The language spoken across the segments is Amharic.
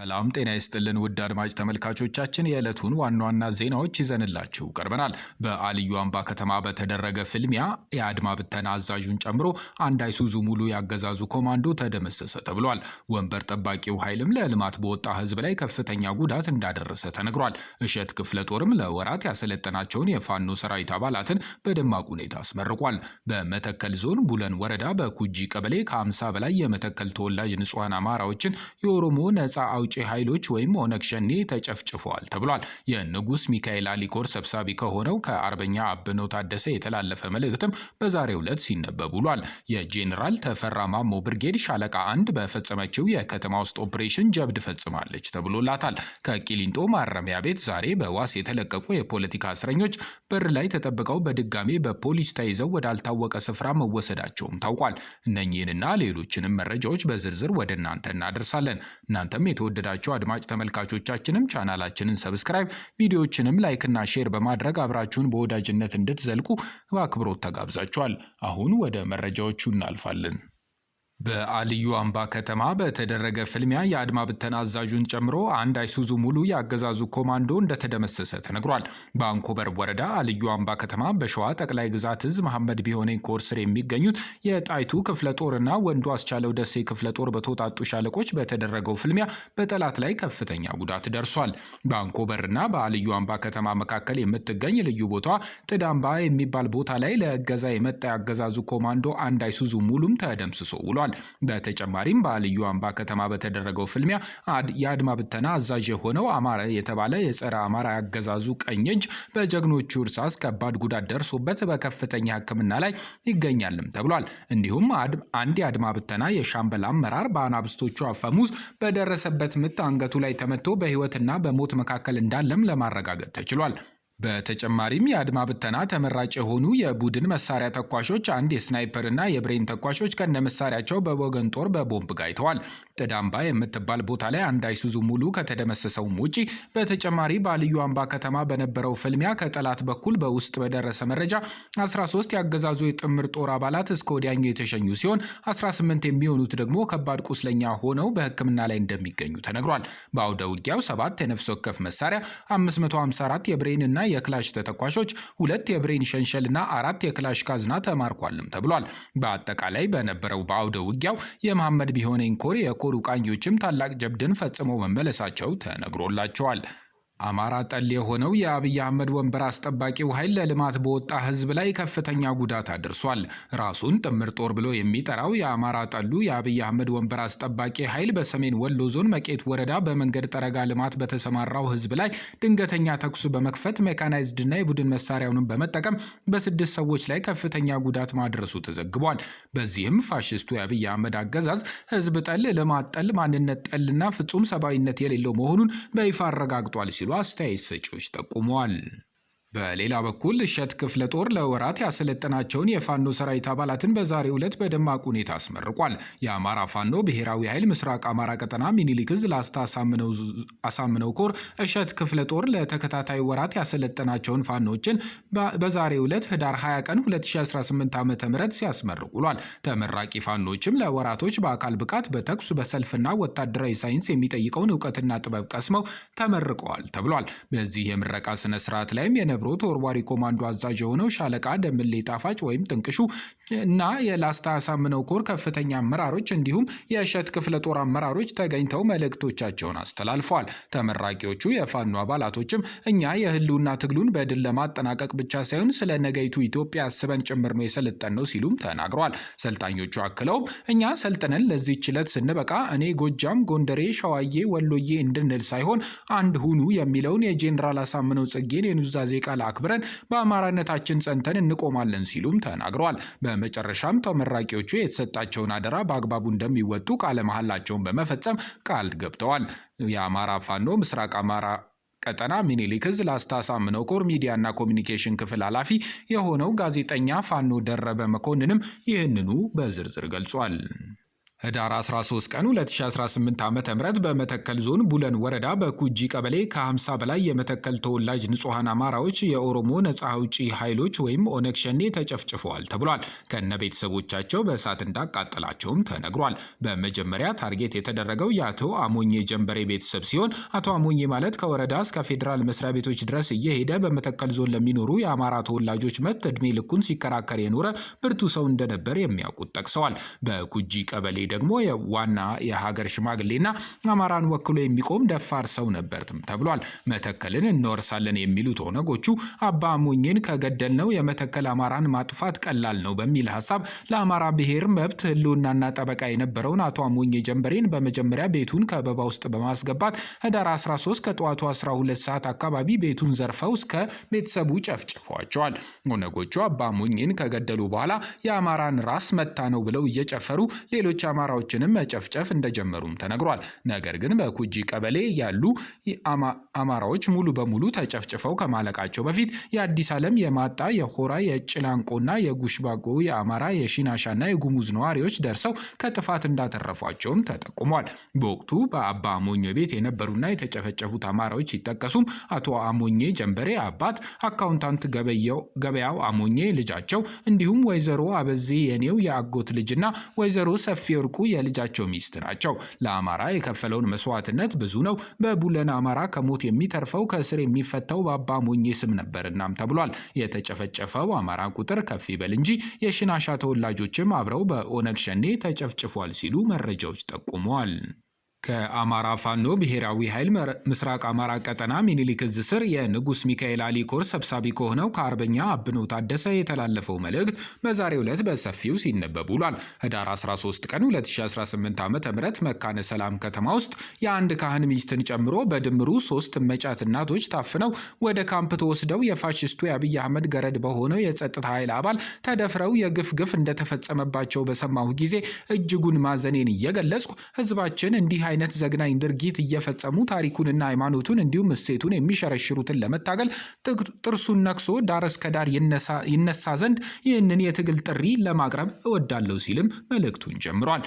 ሰላም ጤና ይስጥልን ውድ አድማጭ ተመልካቾቻችን የዕለቱን ዋና ዋና ዜናዎች ይዘንላችሁ ቀርበናል። በአልዩ አምባ ከተማ በተደረገ ፍልሚያ የአድማ ብተና አዛዡን ጨምሮ አንድ አይሱዙ ሙሉ ያገዛዙ ኮማንዶ ተደመሰሰ ተብሏል። ወንበር ጠባቂው ኃይልም ለልማት በወጣ ሕዝብ ላይ ከፍተኛ ጉዳት እንዳደረሰ ተነግሯል። እሸት ክፍለ ጦርም ለወራት ያሰለጠናቸውን የፋኖ ሰራዊት አባላትን በደማቅ ሁኔታ አስመርቋል። በመተከል ዞን ቡለን ወረዳ በኩጂ ቀበሌ ከ50 በላይ የመተከል ተወላጅ ንጹሐን አማራዎችን የኦሮሞ ነጻ አው አውጪ ኃይሎች ወይም ኦነግ ሸኔ ተጨፍጭፈዋል ተብሏል። የንጉስ ሚካኤል አሊኮር ሰብሳቢ ከሆነው ከአርበኛ አብነው ታደሰ የተላለፈ መልእክትም በዛሬው ዕለት ሲነበብ ውሏል። የጄኔራል ተፈራ ማሞ ብርጌድ ሻለቃ አንድ በፈጸመችው የከተማ ውስጥ ኦፕሬሽን ጀብድ ፈጽማለች ተብሎላታል። ከቂሊንጦ ማረሚያ ቤት ዛሬ በዋስ የተለቀቁ የፖለቲካ እስረኞች በር ላይ ተጠብቀው በድጋሜ በፖሊስ ተይዘው ወዳልታወቀ ስፍራ መወሰዳቸውም ታውቋል። እነኚህንና ሌሎችንም መረጃዎች በዝርዝር ወደ እናንተ እናደርሳለን። እናንተም የተወደዳችሁ አድማጭ ተመልካቾቻችንም ቻናላችንን ሰብስክራይብ፣ ቪዲዮዎችንም ላይክና ሼር በማድረግ አብራችሁን በወዳጅነት እንድትዘልቁ በአክብሮት ተጋብዛችኋል። አሁን ወደ መረጃዎቹ እናልፋለን። በአልዩ አምባ ከተማ በተደረገ ፍልሚያ የአድማ ብተና አዛዡን ጨምሮ አንድ አይሱዙ ሙሉ የአገዛዙ ኮማንዶ እንደተደመሰሰ ተነግሯል። በአንኮበር ወረዳ አልዩ አምባ ከተማ በሸዋ ጠቅላይ ግዛት እዝ መሐመድ ቢሆነኝ ኮር ስር የሚገኙት የጣይቱ ክፍለ ጦርና ወንዱ አስቻለው ደሴ ክፍለ ጦር በተውጣጡ ሻለቆች በተደረገው ፍልሚያ በጠላት ላይ ከፍተኛ ጉዳት ደርሷል። በአንኮበርና በአልዩ አምባ ከተማ መካከል የምትገኝ ልዩ ቦታ ጥዳምባ የሚባል ቦታ ላይ ለእገዛ የመጣ የአገዛዙ ኮማንዶ አንድ አይሱዙ ሙሉም ተደምስሶ ውሏል። ተናግረዋል። በተጨማሪም በአልዩ አምባ ከተማ በተደረገው ፍልሚያ የአድማ ብተና አዛዥ የሆነው አማረ የተባለ የጸረ አማራ ያገዛዙ ቀኝ እጅ በጀግኖቹ እርሳስ ከባድ ጉዳት ደርሶበት በከፍተኛ ሕክምና ላይ ይገኛልም ተብሏል። እንዲሁም አንድ የአድማ ብተና የሻምበል አመራር በአናብስቶቹ አፈሙዝ በደረሰበት ምት አንገቱ ላይ ተመቶ በህይወትና በሞት መካከል እንዳለም ለማረጋገጥ ተችሏል። በተጨማሪም የአድማ ብተና ተመራጭ የሆኑ የቡድን መሳሪያ ተኳሾች አንድ የስናይፐር እና የብሬን ተኳሾች ከነ መሳሪያቸው በወገን ጦር በቦምብ ጋይተዋል። ጥዳምባ የምትባል ቦታ ላይ አንድ አይሱዙ ሙሉ ከተደመሰሰውም ውጪ በተጨማሪ በልዩ አምባ ከተማ በነበረው ፍልሚያ ከጠላት በኩል በውስጥ በደረሰ መረጃ 13 የአገዛዙ የጥምር ጦር አባላት እስከ ወዲያኛው የተሸኙ ሲሆን 18 የሚሆኑት ደግሞ ከባድ ቁስለኛ ሆነው በሕክምና ላይ እንደሚገኙ ተነግሯል። በአውደ ውጊያው ሰባት የነፍስ ወከፍ መሳሪያ 554 የብሬን እና የክላሽ ተተኳሾች፣ ሁለት የብሬን ሸንሸል እና አራት የክላሽ ካዝና ተማርኳልም ተብሏል። በአጠቃላይ በነበረው በአውደ ውጊያው የመሐመድ ቢሆነኝ ኮር የኮሩ ቃኞችም ታላቅ ጀብድን ፈጽሞ መመለሳቸው ተነግሮላቸዋል። አማራ ጠል የሆነው የአብይ አህመድ ወንበር አስጠባቂው ኃይል ለልማት በወጣ ህዝብ ላይ ከፍተኛ ጉዳት አድርሷል። ራሱን ጥምር ጦር ብሎ የሚጠራው የአማራ ጠሉ የአብይ አህመድ ወንበር አስጠባቂ ኃይል በሰሜን ወሎ ዞን መቄት ወረዳ በመንገድ ጠረጋ ልማት በተሰማራው ህዝብ ላይ ድንገተኛ ተኩስ በመክፈት ሜካናይዝድና የቡድን መሳሪያውንም በመጠቀም በስድስት ሰዎች ላይ ከፍተኛ ጉዳት ማድረሱ ተዘግቧል። በዚህም ፋሽስቱ የአብይ አህመድ አገዛዝ ህዝብ ጠል፣ ልማት ጠል፣ ማንነት ጠልና ፍጹም ሰብአዊነት የሌለው መሆኑን በይፋ አረጋግጧል ሲሉ አስተያየት ሰጪዎች ጠቁመዋል። በሌላ በኩል እሸት ክፍለ ጦር ለወራት ያሰለጠናቸውን የፋኖ ሰራዊት አባላትን በዛሬው ዕለት በደማቅ ሁኔታ አስመርቋል። የአማራ ፋኖ ብሔራዊ ኃይል ምስራቅ አማራ ቀጠና ሚኒሊክ ላስታ አሳምነው ኮር እሸት ክፍለ ጦር ለተከታታይ ወራት ያሰለጠናቸውን ፋኖችን በዛሬው ዕለት ህዳር 20 ቀን 2018 ዓ ም ሲያስመርቅ ውሏል። ተመራቂ ፋኖችም ለወራቶች በአካል ብቃት፣ በተኩስ በሰልፍና ወታደራዊ ሳይንስ የሚጠይቀውን እውቀትና ጥበብ ቀስመው ተመርቀዋል ተብሏል። በዚህ የምረቃ ስነ ስርዓት ላይም ደብሮ ተወርዋሪ ኮማንዶ አዛዥ የሆነው ሻለቃ ደምሌ ጣፋጭ ወይም ጥንቅሹ እና የላስታ አሳምነው ኮር ከፍተኛ አመራሮች እንዲሁም የእሸት ክፍለ ጦር አመራሮች ተገኝተው መልእክቶቻቸውን አስተላልፈዋል። ተመራቂዎቹ የፋኖ አባላቶችም እኛ የህልውና ትግሉን በድል ለማጠናቀቅ ብቻ ሳይሆን ስለ ነገይቱ ኢትዮጵያ አስበን ጭምር ነው የሰለጠን ነው ሲሉም ተናግረዋል። ሰልጣኞቹ አክለውም እኛ ሰልጥነን ለዚህች ዕለት ስንበቃ እኔ ጎጃም፣ ጎንደሬ፣ ሸዋዬ፣ ወሎዬ እንድንል ሳይሆን አንድ ሁኑ የሚለውን የጄኔራል አሳምነው ጽጌን የኑዛዜ ቃል አክብረን በአማራነታችን ጸንተን እንቆማለን ሲሉም ተናግረዋል። በመጨረሻም ተመራቂዎቹ የተሰጣቸውን አደራ በአግባቡ እንደሚወጡ ቃለ መሐላቸውን በመፈጸም ቃል ገብተዋል። የአማራ ፋኖ ምስራቅ አማራ ቀጠና ሚኒሊክ እዝ ላስታ ሳምነው ኮር ሚዲያና ኮሚኒኬሽን ክፍል ኃላፊ የሆነው ጋዜጠኛ ፋኖ ደረበ መኮንንም ይህንኑ በዝርዝር ገልጿል። ህዳር 13 ቀን 2018 ዓ ም በመተከል ዞን ቡለን ወረዳ በኩጂ ቀበሌ ከ50 በላይ የመተከል ተወላጅ ንጹሐን አማራዎች የኦሮሞ ነጻ አውጪ ኃይሎች ወይም ኦነግ ሸኔ ተጨፍጭፈዋል ተብሏል። ከነ ቤተሰቦቻቸው በእሳት እንዳቃጠላቸውም ተነግሯል። በመጀመሪያ ታርጌት የተደረገው የአቶ አሞኜ ጀንበሬ ቤተሰብ ሲሆን አቶ አሞኜ ማለት ከወረዳ እስከ ፌዴራል መስሪያ ቤቶች ድረስ እየሄደ በመተከል ዞን ለሚኖሩ የአማራ ተወላጆች መብት እድሜ ልኩን ሲከራከር የኖረ ብርቱ ሰው እንደነበር የሚያውቁት ጠቅሰዋል። በኩጂ ቀበሌ ደግሞ ዋና የሀገር ሽማግሌና አማራን ወክሎ የሚቆም ደፋር ሰው ነበርትም ተብሏል። መተከልን እንወርሳለን የሚሉት ኦነጎቹ አባ ከገደል ነው። የመተከል አማራን ማጥፋት ቀላል ነው በሚል ሀሳብ ለአማራ ብሔር መብት ህልውናና ጠበቃ የነበረውን አቶ አሙኝ ጀንበሬን በመጀመሪያ ቤቱን ከበባ ውስጥ በማስገባት ህዳር 13 ከጠዋቱ 12 ሰዓት አካባቢ ቤቱን ዘርፈው እስከ ቤተሰቡ ጨፍጭፏቸዋል። ኦነጎቹ አባ ሙኝን ከገደሉ በኋላ የአማራን ራስ መታ ነው ብለው እየጨፈሩ ሌሎች አማራዎችንም መጨፍጨፍ እንደጀመሩም ተነግሯል። ነገር ግን በኩጂ ቀበሌ ያሉ አማራዎች ሙሉ በሙሉ ተጨፍጭፈው ከማለቃቸው በፊት የአዲስ ዓለም፣ የማጣ፣ የሆራ፣ የጭላንቆና የጉሽባጎ የአማራ የሺናሻና የጉሙዝ ነዋሪዎች ደርሰው ከጥፋት እንዳተረፏቸውም ተጠቁሟል። በወቅቱ በአባ አሞኘ ቤት የነበሩና የተጨፈጨፉት አማራዎች ሲጠቀሱም አቶ አሞኘ ጀንበሬ አባት፣ አካውንታንት ገበያው አሞኘ ልጃቸው፣ እንዲሁም ወይዘሮ አበዜ የኔው የአጎት ልጅና ወይዘሮ ሰፊ ወርቁ የልጃቸው ሚስት ናቸው። ለአማራ የከፈለውን መስዋዕትነት ብዙ ነው። በቡለን አማራ ከሞት የሚተርፈው ከእስር የሚፈታው በአባ ሞኜ ስም ነበር እናም ተብሏል። የተጨፈጨፈው አማራ ቁጥር ከፍ ይበል እንጂ የሽናሻ ተወላጆችም አብረው በኦነግ ሸኔ ተጨፍጭፏል ሲሉ መረጃዎች ጠቁመዋል። ከአማራ ፋኖ ብሔራዊ ኃይል ምስራቅ አማራ ቀጠና ሚኒሊክ እዝ ስር የንጉስ ሚካኤል አሊ ኮር ሰብሳቢ ከሆነው ከአርበኛ አብነው ታደሰ የተላለፈው መልእክት በዛሬው ዕለት በሰፊው ሲነበብ ውሏል። ህዳር 13 ቀን 2018 ዓ ም መካነ ሰላም ከተማ ውስጥ የአንድ ካህን ሚስትን ጨምሮ በድምሩ ሶስት መጫት እናቶች ታፍነው ወደ ካምፕ ተወስደው የፋሽስቱ የአብይ አህመድ ገረድ በሆነው የጸጥታ ኃይል አባል ተደፍረው የግፍ ግፍ እንደተፈጸመባቸው በሰማሁ ጊዜ እጅጉን ማዘኔን እየገለጽኩ ህዝባችን እንዲህ አይነት ዘግናኝ ድርጊት እየፈጸሙ ታሪኩንና ሃይማኖቱን እንዲሁም እሴቱን የሚሸረሽሩትን ለመታገል ጥርሱን ነክሶ ዳር እስከ ዳር ይነሳ ዘንድ ይህንን የትግል ጥሪ ለማቅረብ እወዳለሁ ሲልም መልእክቱን ጀምሯል።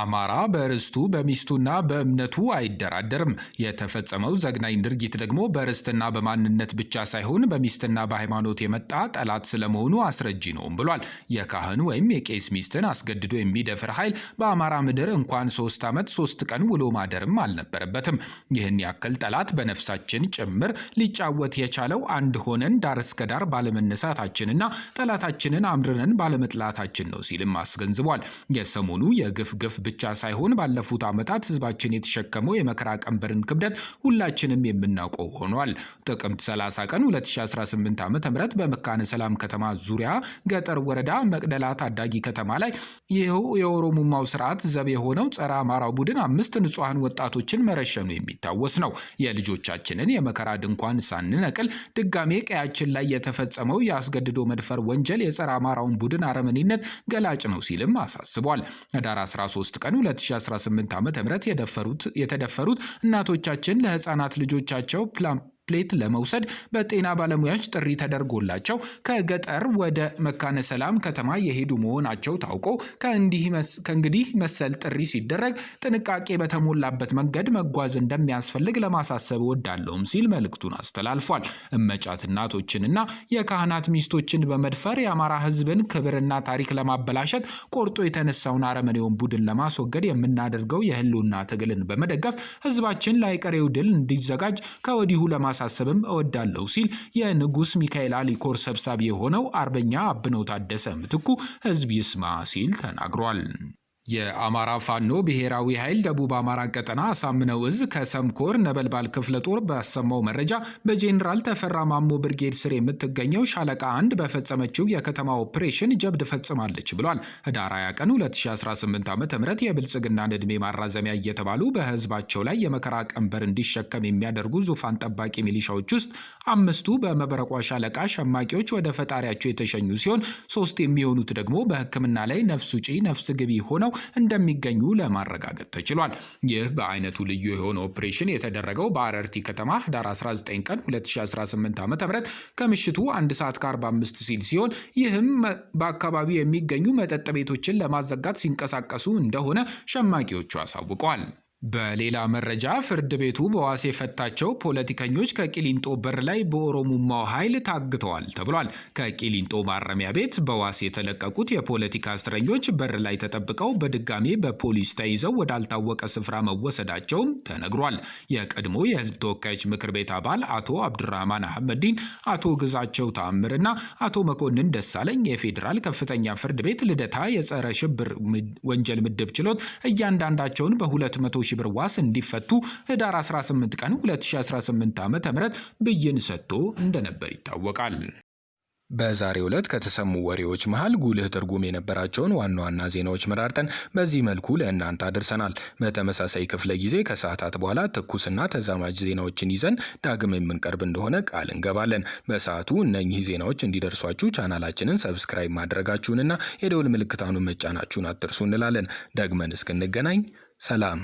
አማራ በርስቱ በሚስቱና በእምነቱ አይደራደርም። የተፈጸመው ዘግናኝ ድርጊት ደግሞ በርስትና በማንነት ብቻ ሳይሆን በሚስትና በሃይማኖት የመጣ ጠላት ስለመሆኑ አስረጂ ነውም ብሏል። የካህን ወይም የቄስ ሚስትን አስገድዶ የሚደፍር ኃይል በአማራ ምድር እንኳን ሶስት ዓመት ሶስት ቀን ውሎ ማደርም አልነበረበትም። ይህን ያክል ጠላት በነፍሳችን ጭምር ሊጫወት የቻለው አንድ ሆነን ዳር እስከ ዳር ባለመነሳታችንና ጠላታችንን አምርረን ባለመጥላታችን ነው ሲልም አስገንዝቧል። የሰሞኑ የግፍ ግፍ ብቻ ሳይሆን ባለፉት ዓመታት ህዝባችን የተሸከመው የመከራ ቀንበርን ክብደት ሁላችንም የምናውቀው ሆኗል። ጥቅምት 30 ቀን 2018 ዓ ም በመካነ ሰላም ከተማ ዙሪያ ገጠር ወረዳ መቅደላ ታዳጊ ከተማ ላይ ይኸው የኦሮሞማው ስርዓት ዘብ የሆነው ጸረ አማራው ቡድን አምስት ንጹሐን ወጣቶችን መረሸኑ የሚታወስ ነው። የልጆቻችንን የመከራ ድንኳን ሳንነቅል ድጋሜ ቀያችን ላይ የተፈጸመው የአስገድዶ መድፈር ወንጀል የጸረ አማራውን ቡድን አረመኔነት ገላጭ ነው ሲልም አሳስቧል። ህዳር 13 16 ቀን 2018 ዓ.ም የተደፈሩት እናቶቻችን ለህፃናት ልጆቻቸው ፕሌት ለመውሰድ በጤና ባለሙያዎች ጥሪ ተደርጎላቸው ከገጠር ወደ መካነ ሰላም ከተማ የሄዱ መሆናቸው ታውቆ ከእንግዲህ መሰል ጥሪ ሲደረግ ጥንቃቄ በተሞላበት መንገድ መጓዝ እንደሚያስፈልግ ለማሳሰብ እወዳለሁም ሲል መልእክቱን አስተላልፏል። እመጫት እናቶችንና የካህናት ሚስቶችን በመድፈር የአማራ ሕዝብን ክብርና ታሪክ ለማበላሸት ቆርጦ የተነሳውን አረመኔውን ቡድን ለማስወገድ የምናደርገው የህልውና ትግልን በመደገፍ ሕዝባችን ለአይቀሬው ድል እንዲዘጋጅ ከወዲሁ ለማ ማሳሰብም እወዳለሁ ሲል የንጉስ ሚካኤል አሊኮር ሰብሳቢ የሆነው አርበኛ አብነው ታደሰ ምትኩ ህዝብ ይስማ ሲል ተናግሯል። የአማራ ፋኖ ብሔራዊ ኃይል ደቡብ አማራ ቀጠና አሳምነው እዝ ከሰምኮር ነበልባል ክፍለ ጦር ባሰማው መረጃ በጄኔራል ተፈራ ማሞ ብርጌድ ስር የምትገኘው ሻለቃ አንድ በፈጸመችው የከተማ ኦፕሬሽን ጀብድ ፈጽማለች ብሏል። ህዳር 20 ቀን 2018 ዓ ም የብልጽግናን ዕድሜ ማራዘሚያ እየተባሉ በህዝባቸው ላይ የመከራ ቀንበር እንዲሸከም የሚያደርጉ ዙፋን ጠባቂ ሚሊሻዎች ውስጥ አምስቱ በመብረቋ ሻለቃ ሸማቂዎች ወደ ፈጣሪያቸው የተሸኙ ሲሆን ሶስት የሚሆኑት ደግሞ በህክምና ላይ ነፍስ ውጪ ነፍስ ግቢ ሆነው እንደሚገኙ ለማረጋገጥ ተችሏል። ይህ በአይነቱ ልዩ የሆነ ኦፕሬሽን የተደረገው በአረርቲ ከተማ ኅዳር 19 ቀን 2018 ዓ.ም ከምሽቱ 1 ሰዓት ከ45 ሲል ሲሆን ይህም በአካባቢው የሚገኙ መጠጥ ቤቶችን ለማዘጋት ሲንቀሳቀሱ እንደሆነ ሸማቂዎቹ አሳውቀዋል። በሌላ መረጃ ፍርድ ቤቱ በዋስ የፈታቸው ፖለቲከኞች ከቂሊንጦ በር ላይ በኦሮሙማው ኃይል ታግተዋል ተብሏል። ከቂሊንጦ ማረሚያ ቤት በዋስ የተለቀቁት የፖለቲካ እስረኞች በር ላይ ተጠብቀው በድጋሜ በፖሊስ ተይዘው ወዳልታወቀ ስፍራ መወሰዳቸውም ተነግሯል። የቀድሞ የህዝብ ተወካዮች ምክር ቤት አባል አቶ አብዱራህማን አህመዲን፣ አቶ ግዛቸው ታምርና አቶ መኮንን ደሳለኝ የፌዴራል ከፍተኛ ፍርድ ቤት ልደታ የጸረ ሽብር ወንጀል ምድብ ችሎት እያንዳንዳቸውን በ200 ሺህ ብር ዋስ እንዲፈቱ ህዳር 18 ቀን 2018 ዓ ም ብይን ሰጥቶ እንደነበር ይታወቃል። በዛሬው ዕለት ከተሰሙ ወሬዎች መሃል ጉልህ ትርጉም የነበራቸውን ዋና ዋና ዜናዎች መራርጠን በዚህ መልኩ ለእናንተ አድርሰናል። በተመሳሳይ ክፍለ ጊዜ ከሰዓታት በኋላ ትኩስና ተዛማጅ ዜናዎችን ይዘን ዳግም የምንቀርብ እንደሆነ ቃል እንገባለን። በሰዓቱ እነኚህ ዜናዎች እንዲደርሷችሁ ቻናላችንን ሰብስክራይብ ማድረጋችሁንና የደውል ምልክታኑን መጫናችሁን አትርሱ እንላለን። ደግመን እስክንገናኝ ሰላም።